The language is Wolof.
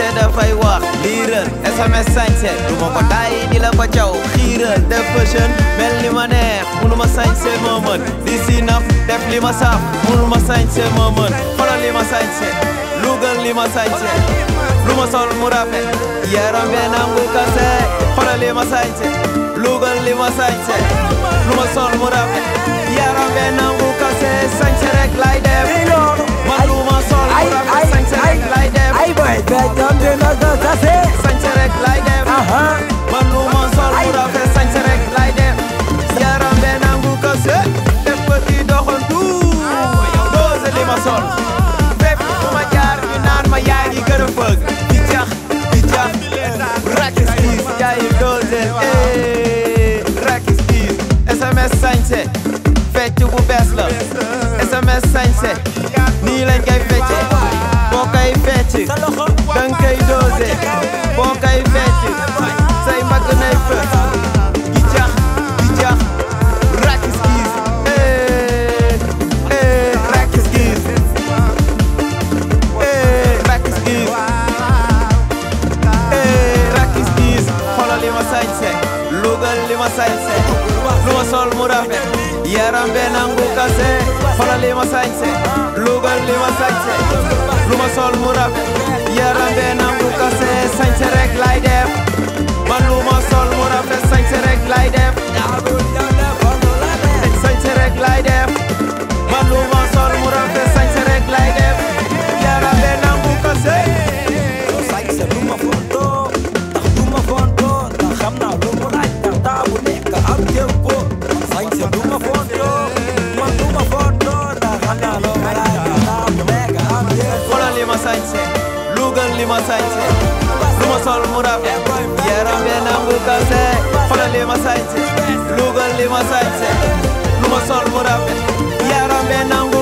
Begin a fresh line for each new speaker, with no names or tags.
sañse dafay wax sms sañse rumo ma ko tàyyi di la ko caw xiiral def fashion mel ni Unuma neex munu This enough? ma mën di si naf def lima ma saf munu ma sañse ma mën xoolal li ma sañse lugal li ma sañse lu ma sol mu rafet yaram be nangu kase xoolal li ma sañse lugal sol mu rafet yaram be nangu jaay doose eh rakis diis SMS sañse fecc bu bees la SMS sañse nii lañ koy fecce fecc danga murahde yaram be nangu kase fala li ma lugal li ma sañse sol mu rafet yaram be nangu kase sañse rek lay def lema saite luma sol murab yaram be nangu kase fana lima saite lugal lima saite luma sol murab yaram be nangu